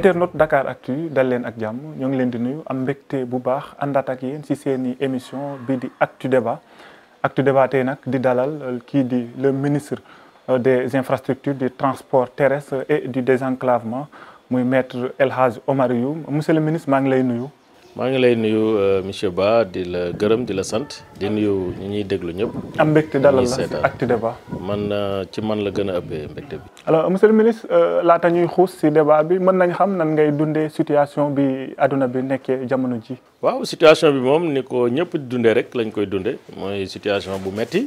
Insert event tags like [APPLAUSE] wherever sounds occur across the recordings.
Internautes Dakar Actu, dalen ak jamm ñoo ngi leen di nuyu am bu baax andat ak yeen ci émission de di Actu Débat Actu Débat tey euh, le ministre euh, des infrastructures des transports terrestres et du désenclavement muy maître Elhaz M. monsieur le ministre je vous maa ngi lay nuyu euh, monsieur Ba di la gërëm di la sant di nuyu ñi ñuy déglu ñëpp. am mbégte dalal la si Actu Débat man euh, ci man la gën a ëppee mbégte bi. alors monsieur le ministre euh, laata ñuy xuus si débat bi mën nañ xam nan ngay dundee situation bi àdduna bi nekkee jamono ji. waaw situation bi moom ni ko ñëpp di dundee rek lañ koy dundee mooy situation bu metti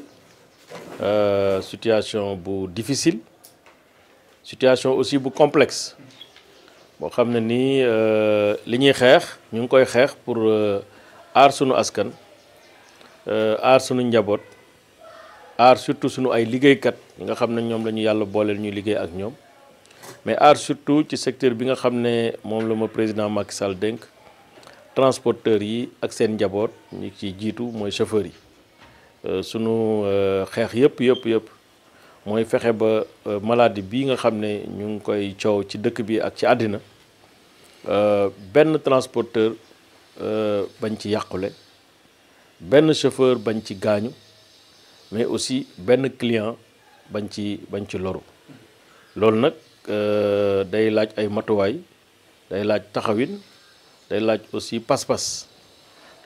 situation bu difficile situation aussi bu complexe. moo xam ne nii euh, li ñuy xeex ñu ngi koy xeex pour euh, aar sunu askan euh, aar sunu njaboot aar surtout sunu ay liggéeykat yi nga xam ne ñoom la ñu yàlla booleel ñuy liggéey ak ñoom mais aar surtout ci secteur bi nga xam ne moom la ma président Macky Sall dénk transporteur yi ak seen njaboot ñi ci jiitu mooy chauffeur yi sunu xeex yëpp yëpp yëpp moy fexé ba euh, maladie bi nga xamné ñu koy ci dëkk bi ak euh, transporteur euh, bañ ci ben chauffeur bañ ci mais aussi ben client bañ ci bañ ci loru day laaj ay day aussi passe-passe.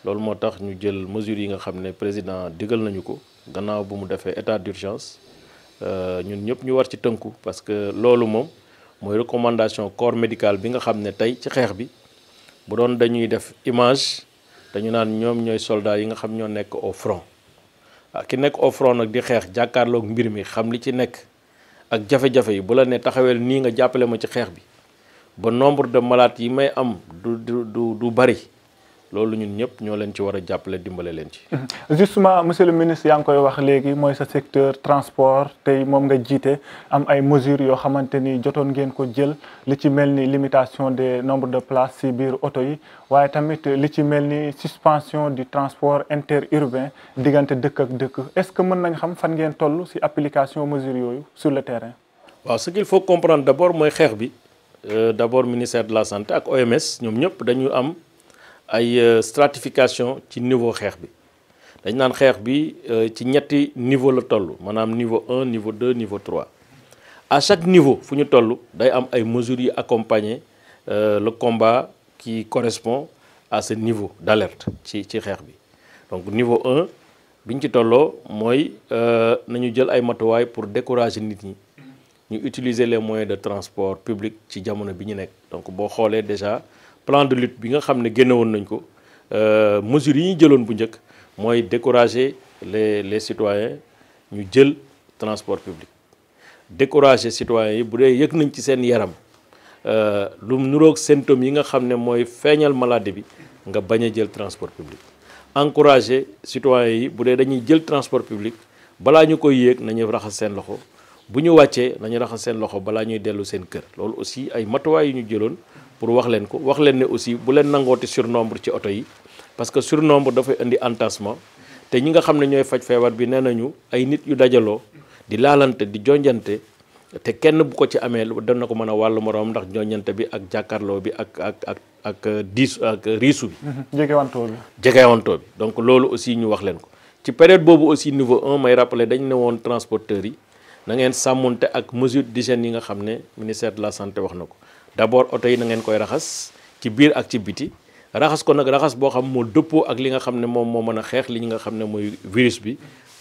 ñu jël nga président digal nañu ko gannaaw bu mu état d'urgence Euh, ñun ñëpp ñu war ci tënku parce que loolu moom mooy recommandation corps médical bi nga xam ne tey ci xeex bi bu doon dañuy def image dañu naan ñoom ñooy soldats yi nga xam ñoo nekk au front ah, ki nekk au front nag di xeex jàkkaarloog mbir mi xam li ci nekk ak jafe-jafe yi bu la ne taxawel nii nga jàppale ma ci xeex bi ba nombre de malaat yi may am du du du du bari loolu ñun ñëpp ñoo leen ci war a jàppale dimbale leen ci. [LAUGHS] justement monsieur le ministre yaa ngi koy wax léegi mooy sa secteur transport tey moom nga jiite am ay mesures yoo xamante ni jotoon ngeen ko jël li ci mel ni limitation des nombre de place si biir oto yi waaye tamit li ci mel ni suspension du transport interurbain diggante dëkk ak dëkk est-ce que mën nañ xam fan ngeen toll si application mesures yooyu sur le terrain. waaw ce qu'il faut comprendre mooy xeex bi euh, d'abord ministère de la santé ak OMS ñoom ñëpp dañu am. ay euh, stratification ci niveau de bi dañ naan xex bi euh, ci ñetti niveau la tollu manam niveau 1 niveau 2 niveau 3 à chaque niveau il tollu day am ay mesures yi accompagner euh, le combat qui correspond à ce niveau d'alerte ci ci donc niveau 1 nous ci tollo moy nañu jël pour décourager nit ñi ñu utiliser les moyens de transport public ci jamono bi ñu donc bo déjà plan de lutte bi nga xam ne génne woon nañ ko euh, mesures yi ñu jëloon bu njëkk mooy décourager les les citoyens ñu jël transport public décourager citoyens yi bu dee yëg nañ ci sen yaram euh, lu nuroog symptômes yi nga xam ne mooy maladie bi nga bañ a jël transport public encourager citoyens yi bu dee dañuy jël transport public balaa ñu koy yéeg nañu raxas seen loxo bu ñu wàccee nañu raxas seen loxo balaa ñuy dellu seen kër loolu aussi ay ñu pour wax leen ko wax leen ne aussi bu leen nangooti surnombre ci oto yi parce que surnombre dafay indi entassement te ñi nga xam ne ñooy faj bi nee ay nit yu dajaloo di laalante di jonjante te kenn bu ko ci amee dana ko mën a wàllu moroom ndax jonjante bi ak jàkkaarloo bi ak ak ak ak diis ak riisu bi. Mhm. jegewantoo bi jegewantoo bi donc loolu aussi ñu wax leen ko ci période boobu aussi niveau un may rappeler dañ ne woon transporteurs yi na ngeen sàmmonte ak mesure d'hygiène yi nga xam ministère de la santé wax na d'abord auto yi na ngeen koy raxas ci biir ak ci biti raxas ko nag raxas boo xam moo dëppoo ak li nga xam ne moom moo mën a xeex li nga xam ne mooy virus bi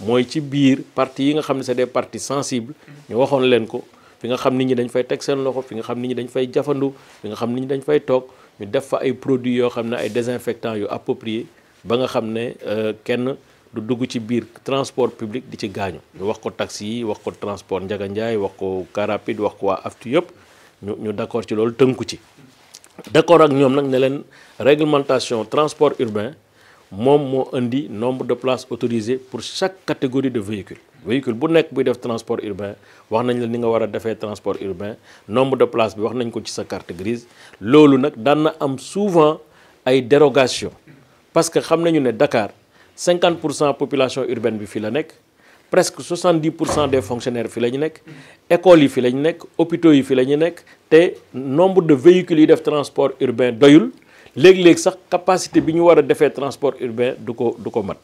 mooy ci biir partie yi nga xam ne c'est des parties sensibles ñu waxoon leen ko fi nga xam nit ñi dañ fay teg seen loxo fi nga xam nit ñi dañ fay jafandu fi nga xam nit ñi dañ fay toog ñu def fa ay produits yoo xam ne ay désinfectants yu approprié ba nga xam ne euh, kenn du dugg ci biir transport public di ci gaañu ñu wax ko taxi yi wax ko transport njaganjaay wax ko car wax ko waa aftu yëpp Nous sommes d'accord sur le d'accord avec nous, nag que réglementation transport urbain Nous le nombre de places autorisées pour chaque catégorie de véhicule véhicule si vous avez transport urbain wax nañ la transport urbain nombre de places bi wax nañ carte grise Nous qui souvent des dérogation parce que nous nañu que Dakar 50 de la population urbaine est là presque 70 des fonctionnaires fi écoles yi hôpitaux yi nombre de véhicules yi transport urbain doyul lég capacité bi ñu transport urbain de ko du ko mat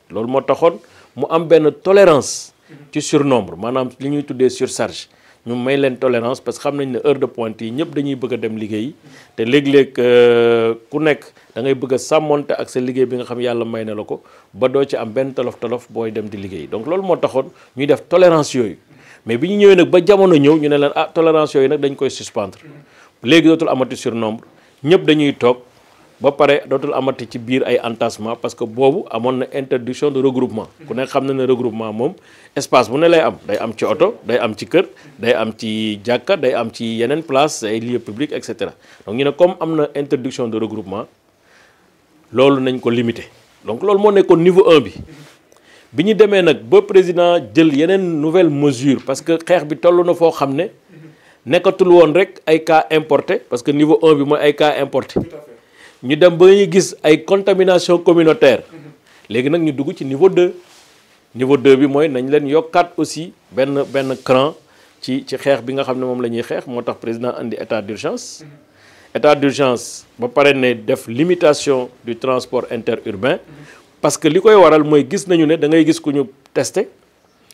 tolérance ci surnombre manam li ñuy surcharge ñu may leen tolérance parce que xam nañ ne heure de pointe yi ñëpp dañuy bëgg a dem liggéey te léeg-léeg euh, ku nekk da ngay bëgg a ak sa liggéey bi nga xam yàlla may na la ko ba doo ci am benn tolof-tolof booy dem di liggéey donc loolu moo taxoon ñu def tolérance yooyu mais bi ñu ñëwee nag ba jamono ñëw ñu ne leen ah tolérance yooyu nag dañ koy suspendre léegi dootul amati surnombre ñëpp dañuy toog ba pare dootul amati ci biir ay entassement parce que boobu amoon na interdiction de regroupement ku ne ne regroupement moom espace bu ne lay am day am ci oto day am ci kër day am ci jàkka day am ci yeneen place ay lieu public, etc. donc ñu ne comme am interdiction de regroupement loolu nañ ko limité donc loolu moo nekkoon niveau 1 bi bi ñu nak nag ba président jël yenen nouvelle mesure parce que xeex bi toll na foo xam ne nekkatul woon rek ay cas importé parce que niveau 1 bi mooy ay cas importé nous avons ba ñuy gis ay contamination communautaire léegi nag ñu dugg ci niveau 2 niveau 2 bi mooy nañ leen yokkaat aussi benn benn cran ci ci xeex bi nga xam ne moom président de état d'urgence L'État d'urgence ba pare ne def limitation du transport interurbain parce que li koy waral mooy gis nañu ne da ngay gis ku ñu testé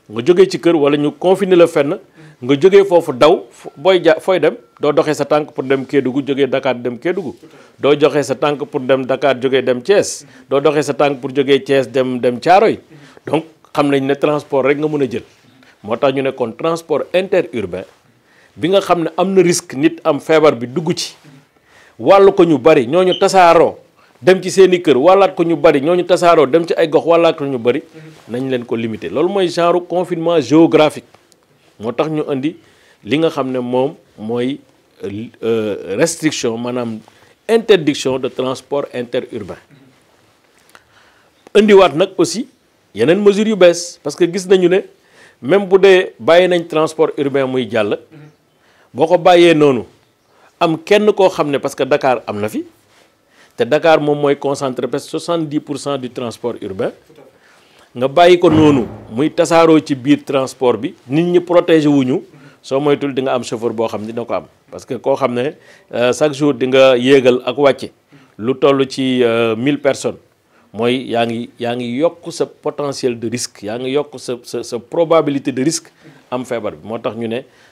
nga jógee ci kër wala ñu confiner la fenn nga jógee foofu daw booy ja fooy dem doo doxee sa tànk pour dem Kédougou jógee Dakar dem Kédougou doo joxee sa tànk pour dem dakaar jógee dem Thiès doo doxee sa tànk pour jógee Thiès dem dem yi donc xam nañ ne transport rek nga mën a jël moo tax ñu ne kon transport interurbain bi nga xam ne am na risque nit am feebar bi dugg ci wàll ko ñu bari ñu tasaaroo dem ci seeni kër walaat ko ñu bari tassaro dem ci ay gox walaat ko ñu bari nañ leen ko limiter genre confinement géographique motax ñu indi li euh, restriction interdiction de transport interurbain wat nak aussi yeneen mesure yu parce que gis nañu ne même bu transport urbain muy on boko des nonu am kenn ko qui parce que Dakar am na fi te Dakar moom mooy concentré presque 70 du transport urbain nga bayiko ko noonu muy tasaaroo ci biir transport bi nit ñi protéger wuñu soo moytul di nga am chauffeur bo xamni ne dina ko am parce que ko xam euh, chaque jour di nga yégal ak wàcce lu tollu ci 1000 euh, personnes moy yaangi yaangi yok sa potentiel de risque yaangi yok sa sa probabilité de risque am feebar bi moo ñu né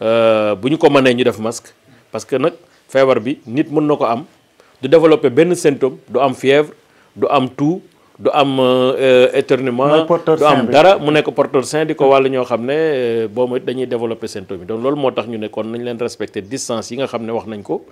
Euh, bu ñu ko mané ñu def masque parce que nak feebar bi nit mën nako am du développer ben symptôme du am fièvre du am tou du am euh, euh, éternuement du am dara mu nekk porteur sain diko wal ñoo xamné bo mo dañuy développer symptôme donc lool motax ñu ne kon nañ leen respecter distance yi nga xamné wax nañ ko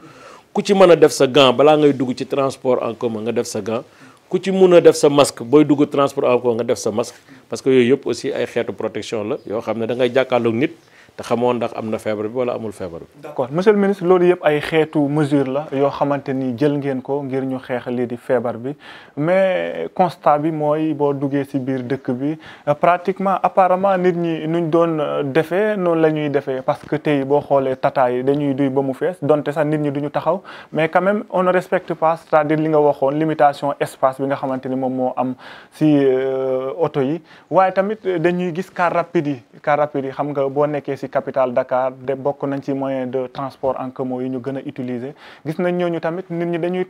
ku ci mëna def sa gant bala ngay dugg ci transport en commun nga def sa gant ku ci mëna def sa masque boy dugg transport en commun nga def sa masque parce que yooyu yëpp aussi ay xeetu protection la yo xamné da ngay jàkkaarloog nit te xamoo ndax amna fièvre bi wala amul fièvre bi. d'accord monsieur le ministre lolu yëpp ay xeetu mesure la yo xamanteni ni jël ngeen ko ngir ñu xéxali di fièvre bi mais constat bi moy bo duggé ci biir dëkk bi pratiquement apparemment nit ñi nuñ doon euh, défé non lañuy défé parce que tay bo xolé tata yi dañuy duy ba mu fess donte sax nit ñi duñu taxaw mais quand même on ne respecte pas c'est-à-dire li nga waxone limitation espace bi nga xamanteni mom mo am ci auto euh, yi waye tamit dañuy gis car rapide car rapide xam nga bo nekké ci capital capitale Dakar de bokk nañ ci de transport en commun yi ñu gën utiliser gis nañ ñooñu tamit nit ñi dañuy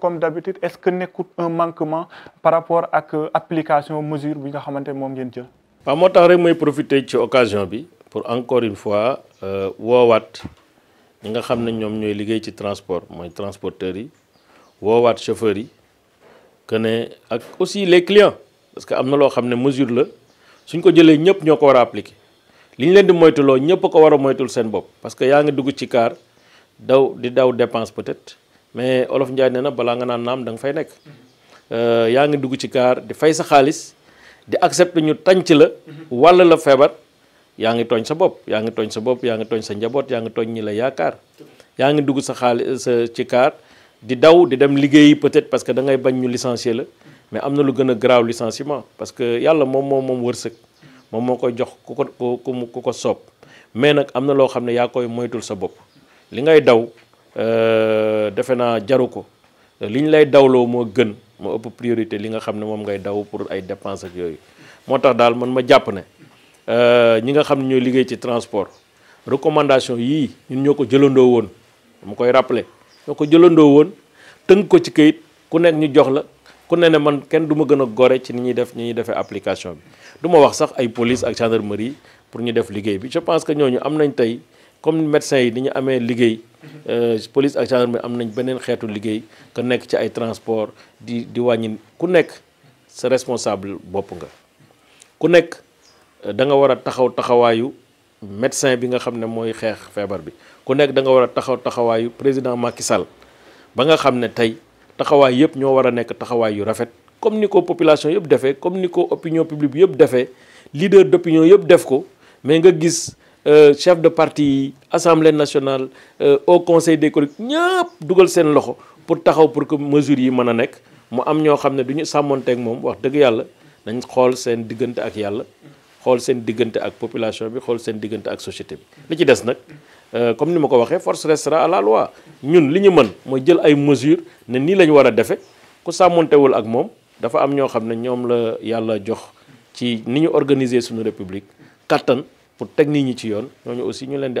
comme d'habitude est-ce que nekkut un manquement par rapport ak l'application mesure bi nga nous avons ngeen jël. waaw moo tax rek profiter ci occasion pour encore une fois euh, woowaat ñi nous xam ne ñoom ñooy liggéey ci transport mooy transporteurs yi chauffeurs yi que aussi les clients parce que nous avons loo xam ne mesure la suñ ko jëlee ñëpp appliquer. liñ leen di moytuloo ñëpp ko war a moytul seen bopp parce que yaa ngi dugg ci kaar daw di daw dépense peut-être mais olof njaay nee na balaa nga naan naam da nga fay nekk euh, yaa ngi dugg ci kaar di fay sa xaalis di accepter ñu tànc la wàll la feebar yaa ngi tooñ sa bopp yaa ngi tooñ sa bopp yaa ngi tooñ sa njaboot yaa ngi tooñ ñi la yaakaar yaa ngi dugg sa xaalis sa ci kaar di daw di dem liggéeyi peut-être parce que da ngay bañ ñu licencier la mais am na lu gën a licenciement parce que yàlla moom moom moom wërsëg moom moo koy jox ku ko ku ku ko soob mais nag am na loo xam ne yaa koy moytul sa bopp li ngay daw euh, defe naa jaru ko li ñu lay dawloo moo gën moo ëpp priorité li nga xam ne moom ngay daw pour ay dépenses ak yooyu moo tax man ma jàpp ne euh, ñi nga xam ne liggéey ci transport recommandation yii ñun ñoo ko jëlandoo woon ma koy rappeler ñoo ko jëlandoo woon tënk ko ci ku ñu jox la ku ne ne man kenn du ma a gore ci ni ñuy def ni ñuy defee application bi du ma wax sax ay police ak gendarmerie pour ñu def liggéey bi pense que ñooñu am nañ tey comme médecins yi ni ñu amee liggéey euh, police ak gendarmerie am nañ beneen xeetu liggéey nekk ci ay transport di di wàññi ku nekk sa responsable bopp nga ku nekk euh, da nga war a taxaw taxawaayu médecin bi nga xam ne mooy xeex feebar bi ku nekk da nga war a taxaw taxawaayu président Macky ba nga xam ne tey taxawaay yëpp ñoo war a nekk taxawaay yu rafet comme ni ko population yëpp defee comme ni ko opinion publique yëpp defee leader d' opinion yëpp def ko mais nga gis euh, chef de parti yi assemblée nationale euh, au conseil des collectivités ñëpp dugal sen loxo pour taxaw pour que mesures yi mën a mu am ñoo xam ne du ñu sàmmonteeg moom wax dëgg yàlla nañ xool seen diggante ak yàlla xool seen diggante ak population bi xool seen diggante ak société bi li ci des nag Euh, comme nous ma dit, la force restera à la loi Nous li ñu mën mooy jël ay mesures ne ni la ñu war a defe ku sàmmontewul ak moom dafa am ñoo xam ne la yàlla jox ci ni ñu organiser suñu république ans pour les techniques ñi ci yoon aussi nous leen di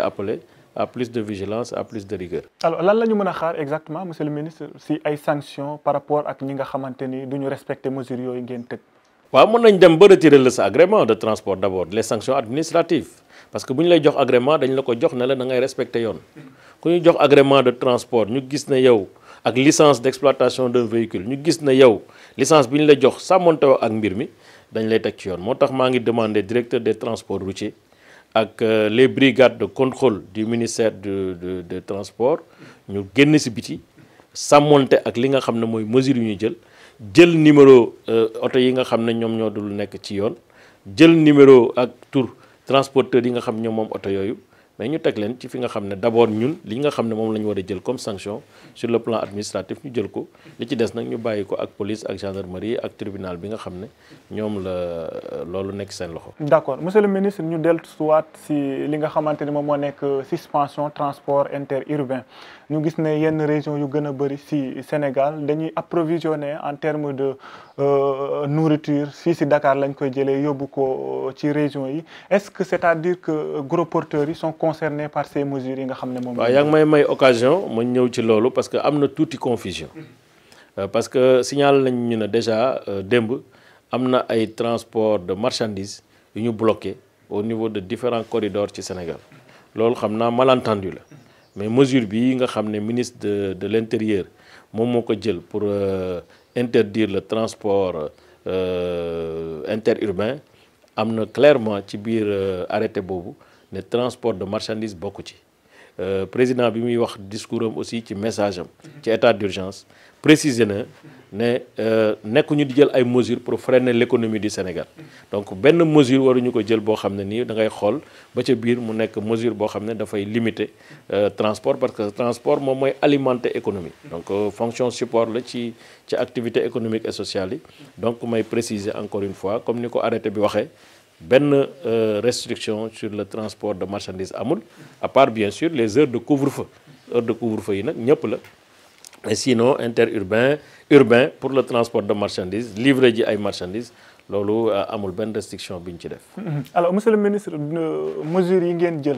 à plus de vigilance à plus de rigueur. alors lan ce ñu mën exactement monsieur le ministre si ay sanctions par rapport à ñi nga xamante ni du pas respecter mesures yooyu ngeen tëg waaw mën nañ dem retirer le agréments de transport d'abord, les sanctions administratives parce que bu ñu lay jox agrément dañ la ko jox ne la da ngay respecté yoon ku ñu jox agrément de transport ñu gis ne yow ak licence d'exploitation d'un véhicule ñu gis ne yow licence bi ñu la jox sàmmonte ak mbir mi dañ lay teg ci yoon moo tax maa ngi demandé directeur des transports routiers ak euh, les brigades de contrôle du ministère de de de transport ñu génn si biti samonté ak li nga xamné moy mesure yu ñu jël jël numéro auto euh, yi nga xamné ñom ñoom ñoo dul nekk ci yoon jël numéro ak tour transporteurs yi nga xam ñoom moom oto yooyu mais ñu teg leen ci fi nga xam ne d' ñun li nga xam ne moom la ñu a jël comme sanction sur le plan administratif ñu jël ko li ci des nag ñu bàyyi ko ak police ak gendarmerie ak tribunal bi nga xam ne ñoom la euh, loolu nekk seen loxo. d' accord ministre ñu dellu suwaat si li nga xamante ni moom moo nekk suspension transport interurbain Nous avons vu yenn région yu gën a Sénégal dañuy approvisionner en termes de euh, nourriture si si Dakar euh, est-ce que c'est-à-dire que les euh, gros porteurs sont concernés par ces mesures yi nga xam ne occasion ñëw parce que y a toute confusion. parce que signal est ñu déjà y a transport de marchandises yu ñu bloqué au niveau de différents corridors du Sénégal C'est xam malentendu mais mesure bi nga ministre de l'Intérieur l'intérieur pour euh, interdire le transport euh, interurbain a clairement ci euh, arrêté le transport de marchandises. Le ci président bi mi wax discours aussi ci message sur ci état d'urgence, ne euh, nous di jël ay mesures pour freiner l'économie du Sénégal donc une mesure waruñu ko jël boo xam ne da ngay mesure euh, transport parce que le transport alimente l'économie. alimenter économie donc euh, fonction support le l'activité économique et sociale donc je précise encore une fois comme nous avons arrêté bi pas de restriction sur le transport de marchandises amul à part bien sûr les heures de couvre-feu heures de couvre-feu yi nag et sinon interurbain urbain pour le transport de marchandises livrer de ay marchandises Lolo, euh, amul benn restriction à restriction [LAUGHS] alors monsieur le ministre nous euh, yi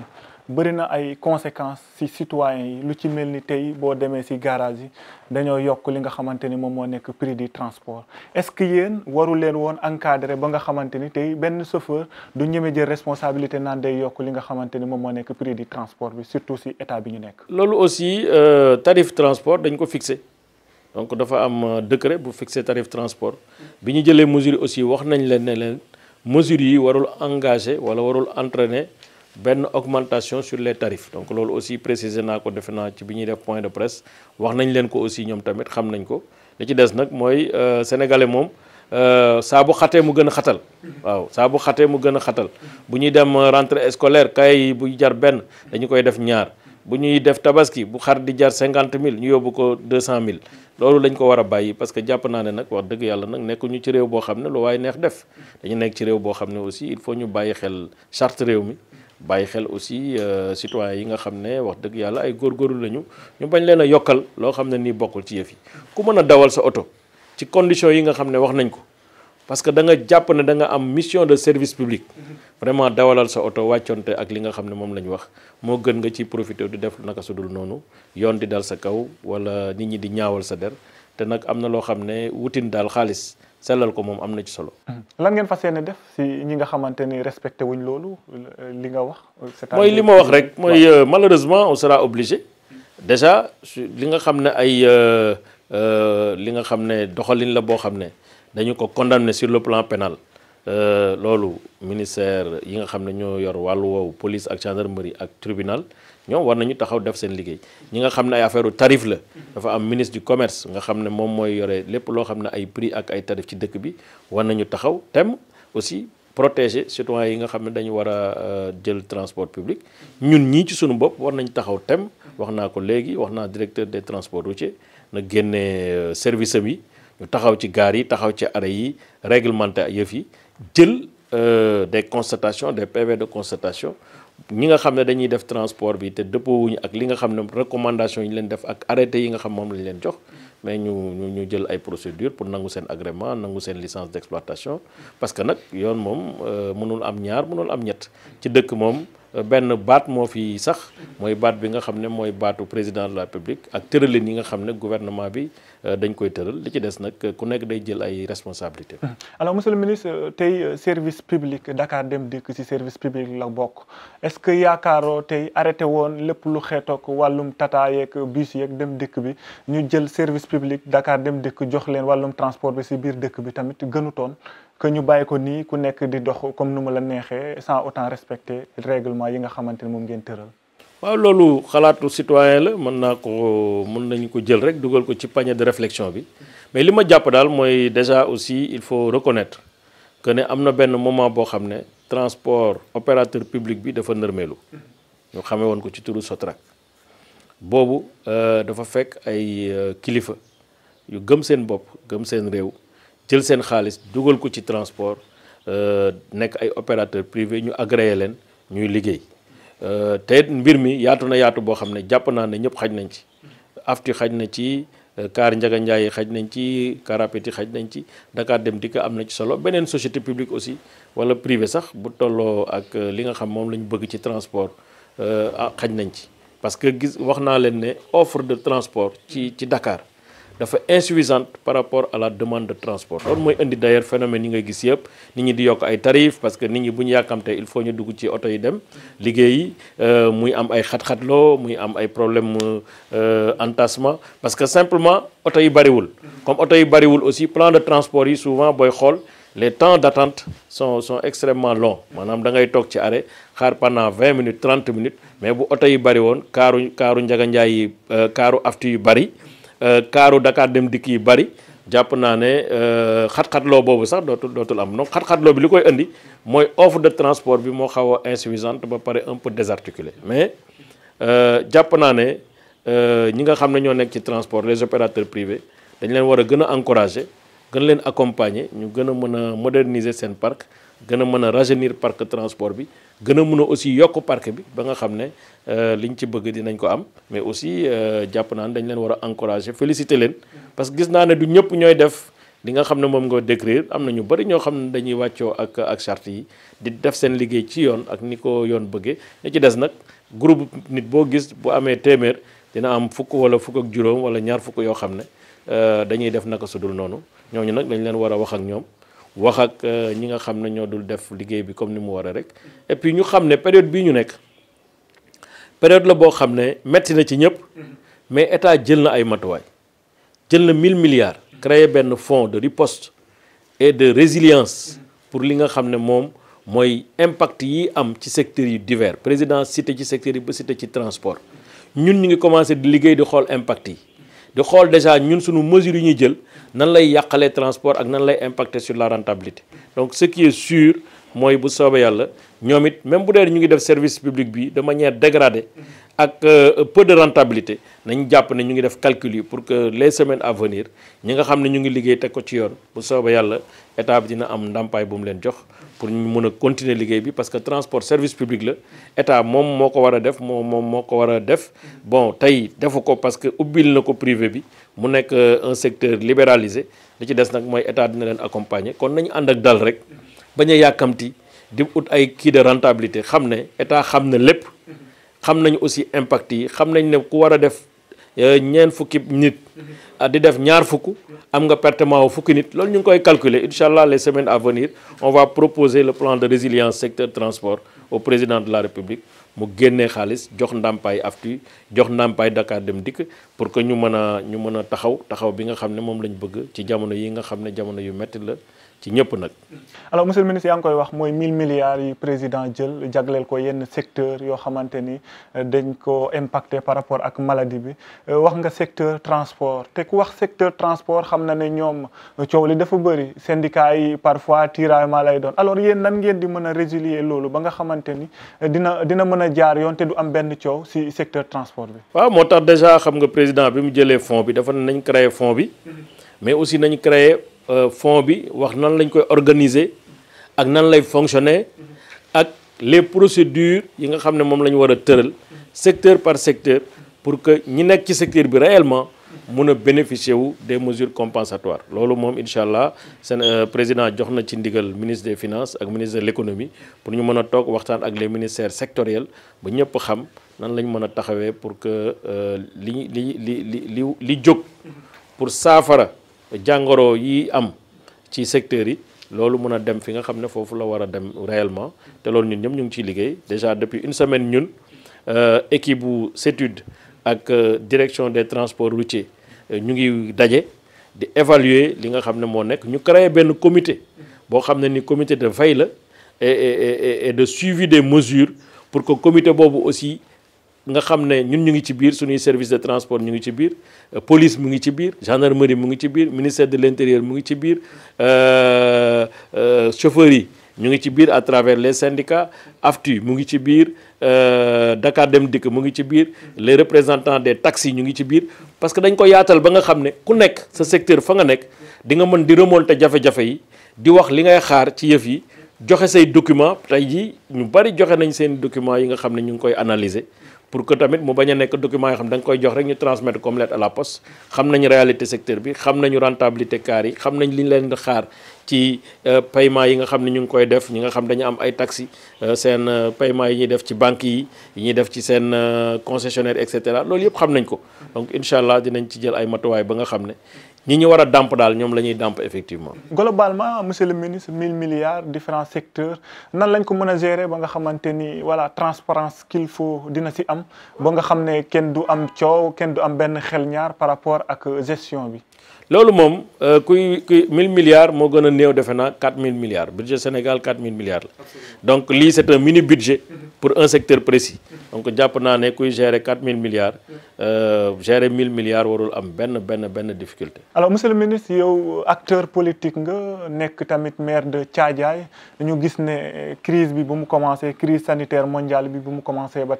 bëri ay conséquences ci citoyens yi lu ci melni tay bo démé ci garage yi dañoo yok li nga xamanteni mom mo nek prix du transport est-ce que yéen waru leen won encadrer ba nga xamanteni tay ben chauffeur du ñeme jël responsabilité nan day yok li nga xamanteni mom mo nek prix du transport bi surtout ci état bi ñu nek lolu aussi euh, tarif transport dañ ko fixé donc dafa am euh, décret bu fixer tarif transport bi ñu jëlé mesure aussi wax nañ leen ne leen mesure yi warul engager wala warul entraîner benn augmentation sur les tarifs donc loolu aussi préciser naa ko defe naa ci bi ñuy def point de presse wax nañ leen ko aussi ñoom tamit xam nañ ko li ci des nag mooy euh, sénégalais moom euh, saa bu xatee mu gën a xatal waaw saa bu xatee mu gën a xatal bu ñuy dem euh, rentrée scolaire kay bu jar benn dañu koy def ñaar bu ñuy def tabaski bu xar di jar cinquante mille ñu yóbbu ko deux cent mille loolu lañ ko war a bàyyi parce que jàpp naa ne nag wax dëgg yàlla nag nekkuñu ci réew boo xam ne lu waaye neex def dañu nekk ci réew boo xam ne aussi il faut ñu bàyyi xel charte réew mi bàyyi xel aussi euh, citoyens yi nga xam ne wax dëgg yàlla ay góorgóorlu lañu ñu bañ leen a yokkal loo xam ne nii bokkul ci yëf yi ku mën a dawal sa oto ci condition yi nga xam ne wax nañ ko parce que da nga jàpp ne da nga am mission de service public vraiment dawalal sa oto wàccoonte ak li nga xam ne moom la ñu wax moo gën nga ci profité di def naka sudul noonu yoon di dal sa kaw wala nit ñi di ñaawal sa der te nag am na loo xam ne wutin daal xaalis sellal ko moom am na ci solo. Mhm. lan ngeen fas yéene def si ñi nga xamante ni respecté wuñ loolu li nga wax. mooy li ma wax rek mooy euh, malheureusement on sera obligé déjà li nga xam ne ay euh, euh, li nga xam ne doxalin la boo xam ne dañu ko condamné sur le plan pénal loolu ministère yi nga xam ne ñoo yor wàllu woowu police ak gendarmerie ak tribunal. ñoom war nañu taxaw def seen liggéey ñi nga xam ne ay affaire tarif la dafa am ministre du commerce nga xam ne moom mooy yore lépp loo xam ne ay prix ak ay tarif ci dëkk bi war nañu taxaw tem aussi protéger citoyens yi nga xam ne dañu war a euh, jël transport public ñun ñii ci suñu bopp war nañu taxaw tem wax naa ko léegi wax naa directeur des transports routiers na génne euh, service am yi ñu taxaw ci gaar yi taxaw ci arrêt yi réglementé yëf yi jël euh, des constatations des PV de constatation ñi nga xam ne dañuy def transport bi te dëppoo wuñu ak li nga xam ne recommandation yi ñu leen def ak arrêté yi nga xam moom lañ leen jox mais ñu ñu ñu jël ay procédure pour nangu seen agrément nangu seen licence d'exploitation parce que nag yoon moom euh, mënul am ñaar mënul am ñett ci dëkk moom ben bat mo fi sax moy bat bi nga xam moy batu président de la République ak tëralin ni nga xam gouvernement bi euh, dañ koy tëral li ci dess nak ku nek day jël ay responsabilités. [LAUGHS] alors monsieur le ministre euh, tey euh, service public Dakar Dem Dikk ci service public la bokk est-ce que yakaro tey arrêté woon lepp lu xétok walum tata yeeg bus yek dem dikk bi ñu jël service public Dakar Dem Dikk jox len walum transport bi ci biir dëkk bi tamit gënutoon que ñu bàyyi ko nii ku nekk di dox comme nu ma la neexee sans autant respecter règlement yi nga xamante ne moom ngeen tëral waaw loolu xalaatu citoyen la mën naa ko mën nañu ko jël rek dugal ko ci panier de réflexion bi mais li ma jàpp daal déjà aussi il faut reconnaître que ne am na moment boo xam transport opérateur public bi dafa nërmeelu ñu xamee woon ko ci turu Sotrac boobu euh, dafa fekk ay euh, kilifa yu gëm seen bopp gëm seen réew jël seen xaalis dugal ko ci transport euh, nekk ay opérateur privé ñu agréé leen ñuy liggéey euh, te mbir mi yaatu na yaatu boo xam ne jàpp naa ne ñëpp xaj nañ ci afti xaj na ci euh, kaar njaga njaay xaj nañ ci karapeti xaj nañ ci Dakar dem dikk am na ci solo beneen société publique aussi wala privé sax bu tolloo ak li nga xam moom la bëgg ci transport ah, xaj nañ ci parce que gis wax naa leen ne offre de transport ci ci Dakar dafa insuffisante par rapport à la demande de transport loolu moy indi d'ailleurs phénomène yi nga gis yëpp nit ñi di yok ay tarif parce que nit ñi buñu yakamté il faut ñu dugg ci auto yi dem liggéey euh, muy am ay khat lo, muy am ay problème euh, entassement parce que simplement auto yi bariwul comme auto yi bariwul aussi plan de transport yi souvent boy xol les temps d'attente sont sont extrêmement longs Manam da ngay tok ci arrêt xaar pendant 20 minutes 30 minutes mais bu auto yi bari woon kaaru kaaru njaganjaay yi euh, kaaru aftu yu bari Euh, kaaru Dakar dem dikk yi bari jàpp naa ne euh, xat-xatloo boobu sax dootul am donc xat-xatloo bi li koy indi mooy offre de transport bi moo xaw a insuffisante ba pare un peu désarticulée mais euh, jàpp naa ne ñi nga xam ne ñoo nekk ci transport les opérateurs privés dañ leen war a gën a encourager gën leen accompagner ñu gën a mën a moderniser seen parc gën a mën a rajeunir parc transport bi gën a mën a aussi yokk parc bi ba nga xam ne euh, li ñu ci bëgg dinañ ko am mais aussi euh, jàpp naa ne dañ leen war a encourager féliciter leen parce que gis naa ne du ñëpp ñooy def li nga xam ne moom nga décrire am na ñu bari ñoo xam ne dañuy wàccoo ak ak yi di def seen liggéey ci yoon ak ni ko yoon bëggee li ci des nag groupe nit boo gis bu amee téeméer dina am fukk wala fukk ak juróom wala ñaar fukk yoo xam ne euh, dañuy def naka sudul noonu ñooñu nag dañu leen war a wax ak ñoom wax ak euh, ñi nga xam ne ñoo dul def liggéey bi comme ni mu waree rek et puis ñu xam ne période bii ñu nekk période la boo xam ne metti na ci ñëpp mais état jël na ay matuwaay jël na 1000 milliards créé benn fonds de riposte et de résilience pour li nga xam ne moom mooy impact yi am ci secteur yu divers président cité ci secteur yi ba cité ci transport ñun ñu ngi commencé di liggéey di xool impact yi de xool déjà ñun suñu mesure yi ñuy jël nan lay yàqalee transport ak nan lay impacter sur la rentabilité donc ce qui est sûr moy bu soobee yalla ñomit même bu dee ñu ngi def service public bi de manière dégradée ak euh, peu de rentabilité nañ japp né ñu ngi def calcul yi pour que les semaines à venir ñi nga xam ñu ngi liggéey té ko ci yoon bu soobee yalla état bi dina am ndampay bu mu leen jox pour ñu mën a continuer liggéey bi parce que transport service public la état moom moo ko war a def moom moom moo ko war a def bon tey defu ko parce que ubbil na ko privé bi mu nekk euh, un secteur libéralisé li ci des nag mooy état dina leen accompagner kon nañu ànd ak dal rek bañ a yàkkamti di ut ay kii rentabilité xam ne état xam na lépp xam nañu aussi impact yi xam nañ ne ku war a def ñeen fukki nit di def ñaar fukk am nga pertement wu fukki nit loolu ñu ngi koy calculer incha allah les semaines à venir on va proposer le plan de résilience secteur transport au président de la république mu génnee xaalis jox ndàmpaay AFTU jox ndàmpaay Dakar dem dikk pour que ñu mën a ñu mën a taxaw taxaw bi nga xam ne moom lañ bëgg ci jamono yi nga xam ne jamono yu métti la ci ñëpp nag. alors monsieur le ministre yaa ngi koy wax mooy 1000 milliards yi président jël jagleel ko yenn secteur yoo xamante ni euh, dañ ko impacté par rapport ak maladie bi euh, wax nga secteur transport te ku wax secteur transport xam na ne ñoom euh, coow li dafa bëri syndicat yi parfois tiraillement lay doon alors yéen nan ngeen di mën a résilier loolu ba nga xamante ni dina dina mën a jaar yoon te du am benn coow si secteur transport bi. waaw moo tax déjà xam nga président bi mu jëlee fonds bi dafa nañ créer fonds bi mm-hmm. Euh, fonds bi wax nan lañ koy organiser ak nan lay fonctionner ak les procédures yi nga xam ne moom la ñu secteur par secteur pour que ñi nekk ci secteur bi réellement puissent bénéficier des mesures compensatoires C'est ce que, Inch'Allah, le président jox na ci ndigal ministre des finances ak ministre de l'économie pour ñu mën a toog ak les ministères sectoriels ba ñëpp xam nan la ñu mën pour que euh, li li li li li jóg pour Safara, J'angoro yi am ci secteurs yi loolu mun dem fi nga xam fofu la wara dem réellement te loolu ñun ñëm ñu ngi ciy liggéey déjà depuis une semaine ñun euh, équipe bu ak euh, direction des transports routiers euh, ñu ngi dajé di évaluer li nga xam mo nek ñu créer ben comité bo xam ni comité de veille et, et et et de suivi des mesures pour que comité bobu aussi nga xam ne ñun ñu ngi ci biir suñuy service de transport ñu ngi ci biir euh, police mu ngi ci biir gendarmerie mu ngi ci biir ministère de l'intérieur mu ngi ci biir euh, euh, chauffeurs yi ñu ngi ci biir à travers les syndicats AFTU mu ngi ci biir Dakar Dem Dikk mu ngi ci biir les représentant des taxi ñu ngi ci biir parce que dañ ko yaatal ba nga xam ne ku nekk sa secteur fa nga nekk di nga mën di remonter jafe-jafe yi di wax li ngay xaar ci yëf yi joxe say document tey jii ñu bari joxe nañ seen document yi nga xam ne ñu ngi koy analyser pour que tamit mu bañ a nekk document yoo xam da nga koy jox rek ñu transmettre comme lettre à la poste xam nañ réalité secteur bi xam nañu rentabilité car yi xam nañ li ñu leen di xaar ci euh, paiement yi nga xam ne ñu ngi koy def ñi nga xam dañu am ay taxi euh, seen euh, paiement yi ñuy def ci banques yi yi ñuy def ci seen concessionnaire et cetera loolu yëpp xam nañ ko donc incha allah dinañ ci jël ay matuwaay ba nga xam ne ñi ñu war a dàmp daal ñoom la effectivement. globalement monsieur le ministre mille milliards différents secteurs nan lañ ko mën gérer ba nga xamante voilà transparence qu'il faut dina am ba nga kenn du am kenn du am xel ñaar par rapport ak gestion bi. loolu que euh, kuy kuy 1000 milliards mo gëna a néew 4000 milliards budget Sénégal 4000 milliards donc c'est c'est un mini budget. pour un secteur précis. donc japp que né kuy gérer 4000 milliards. Euh, gérer 1000 milliards warul am ben ben ben difficulté. alors monsieur le ministre yow acteur politique nga êtes tamit maire de Thiadiaye ñu gis né crise bi bu commencé crise sanitaire mondiale bi bu mu commencé ba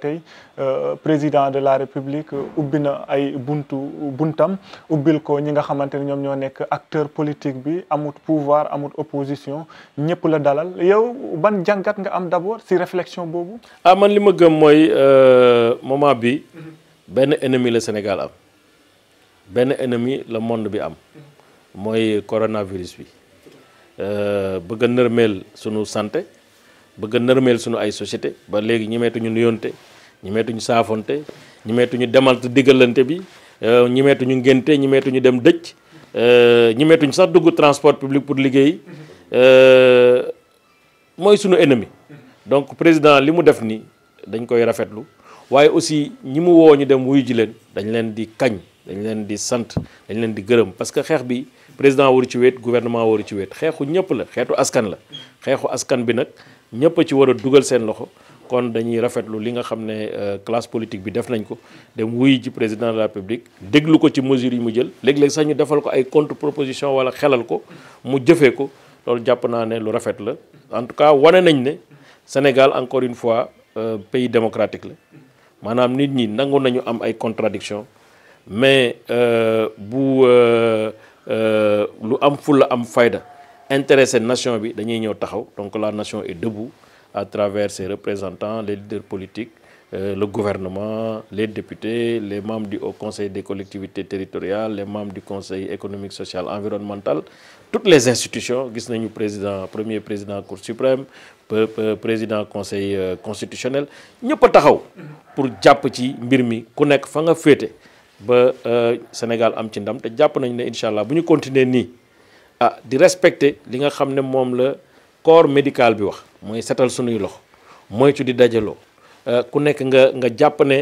euh, président de la république ubbi ay buntu buntam ubbil ko ñi nga xamante ni ñoom ñoo nekk acteur politique bi amut pouvoir amut opposition ñëpp la dalal yow ban jàngat nga am d'abord si réflexion boobu. ah man li ma gëm mooy euh, moment bi benn ennemi la Sénégal am benn ennemi la monde bi am mooy coronavirus bi euh, bëgg a nërmeel sunu santé bëgg a nërmeel sunu ay société ba léegi ñi ñu nuyonté ñi ñu saafonte ñi meetuñu demal te diggalante bi euh, ñi ñu ngénte ñi ñu dem dëj nous euh, sax de transport public pour liggéey euh, moy suñu ennemi. donc président li mu def ni dañ koy rafetlu aussi ñi mu ñu dem wuyu ji leen dañ leen di kañ dañ leen di sant dañ parce que xeex bi président waru ci gouvernement waru ci ñëpp la askan la askan bi ñëpp ci a dugal kon dañuy rafetlu li nga xam ne euh, classe politique bi def nañ ko dem wuy ji président de la république déglu ko ci mesures yi mu jël léeg-léeg sax ñu defal ko ay contre proposition wala xelal ko mu jëfee ko loolu jàpp naa ne lu rafet la en tout cas wane nañ ne Sénégal encore une fois euh, pays démocratique la maanaam nit ñi nangu nañu am ay contradiction mais euh, bu lu am fulla am fayda intéressé nation bi dañuy ñëw taxaw donc la nation est debout à travers ses représentants, les leaders politiques, euh, le gouvernement, les députés, les membres du Haut Conseil des collectivités territoriales, les membres du Conseil économique, social, environnemental, toutes les institutions, nous président, premier président Cour suprême, le président du Conseil euh, constitutionnel, nous sommes pour Djapati, Mbirmi, Konek, Fanga Fete, le euh, Sénégal am ci ndam nous, japp né inshallah buñu continuer ni à ah, respecter ce nga xamné mom corps médical bi wax mooy setal sunuy loxo moytu di dajaloo euh, ku nekk nga nga jàpp ne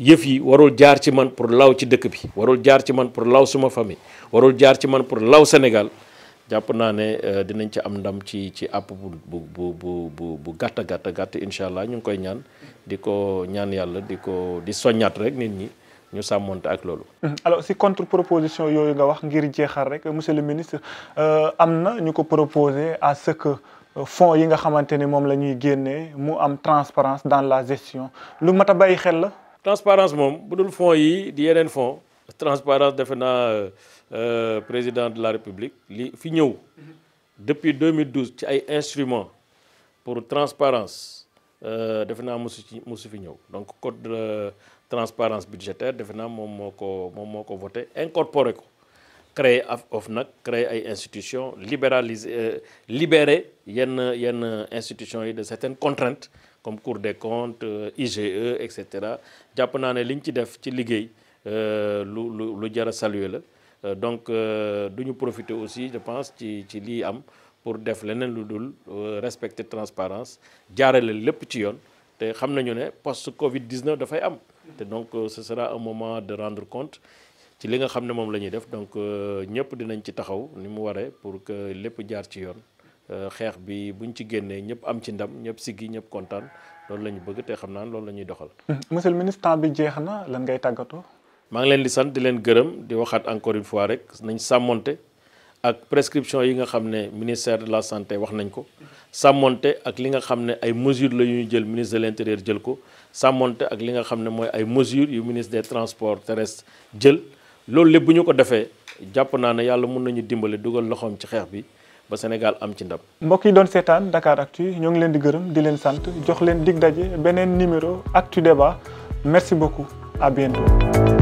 yëf yi warul jaar ci man pour law ci dëkk bi warul jaar ci man pour law suma famille warul jaar ci man pour law Sénégal jàpp naa ne euh, dinañ ci am ndam ci ci àpp bu bu bu bu bu gàtt gàtt gàtt incha allah ñu ngi koy ñaan di ko ñaan yàlla di ko di soñaat rek nit ñi ñu sàmmonte ak loolu. alors si contre yooyu nga wax ngir jeexal rek monsieur ministre euh, am na ñu ko proposé à ce que. Le fonds yi nga mom lañuy la transparence dans la gestion lu mata fait xel la. transparence mom le fonds yi di transparence defe euh, euh président de la république li fi ñëw depuis 2012 ci ay instruments pour transparence qui euh, naa musu ci fi Le code de transparence budgétaire defe mom incorporé créer des créer ay institutions euh, libérer yenn yenn institutions de certaines contraintes comme Cour des comptes euh, IGE etc. cetera pense naa ne li ci def ci liggéey euh, lu donc nous ñu profiter aussi je pense ci ci lii am pour def leneen lu dul transparence jaarale le ci yoon nous savons que post Covid 19 dafay am a. donc ce sera un moment de rendre compte. li nga xam ne moom la ñuy def donc euh, ñëpp dinañ ci taxaw ni mu waree pour que lépp jaar ci yoon euh, xeex bi buñ ci génnee ñëpp am ci ndam ñëpp siggi ñëpp kontaan loolu la ñu bëgg te xam naa loolu la ñuy doxal. monsieur le ministre temps bi jeex na lan ngay tàggatoo. maa ngi leen di sant di leen gërëm di waxaat encore une fois rek nañ sàmmonte ak prescription yi nga xam ne ministère de la santé wax nañ ko sàmmonte ak li nga xam ne ay mesures la ñuy jël ministre de l'intérieur jël ko sàmmonte ak li nga xam ne mooy ay mesures yu ministre des transports terrestres jël. loolu lépp bu ñu ko defee jàpp naa ne yàlla mun nañu dimbale dugal loxoom ci xeex bi ba Sénégal am ci ndab. mbokk yi doon seetaan Dakar Actu ñoo ngi leen di gërëm di leen sant jox leen dig daje beneen numéro Actu Débat merci beaucoup à bientôt.